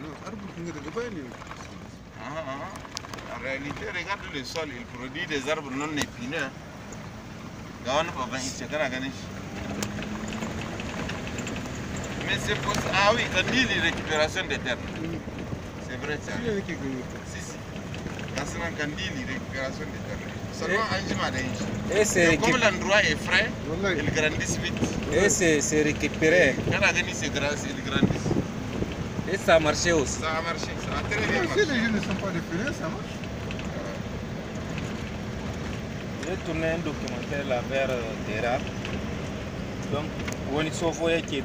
non, arbre ah, ah, ah. En réalité, regarde le sol, il produit des arbres non épineux. Hein. Mais c'est pour ça. Ah oui, on dit récupération récupération des terres. Mm. C'est vrai, ça. Si, si. Quand un dit une récupération des terres. Seulement en eh. Et eh, Comme l'endroit est frais, ils grandissent vite. Et eh, c'est récupéré. Quand on a gagné, ils grandissent. Et ça a marché aussi. Ça a marché, ça a très bien marché. Si les ne sont pas ça marche. J'ai tourné un documentaire là vers euh, Terra. Donc, voyait qui est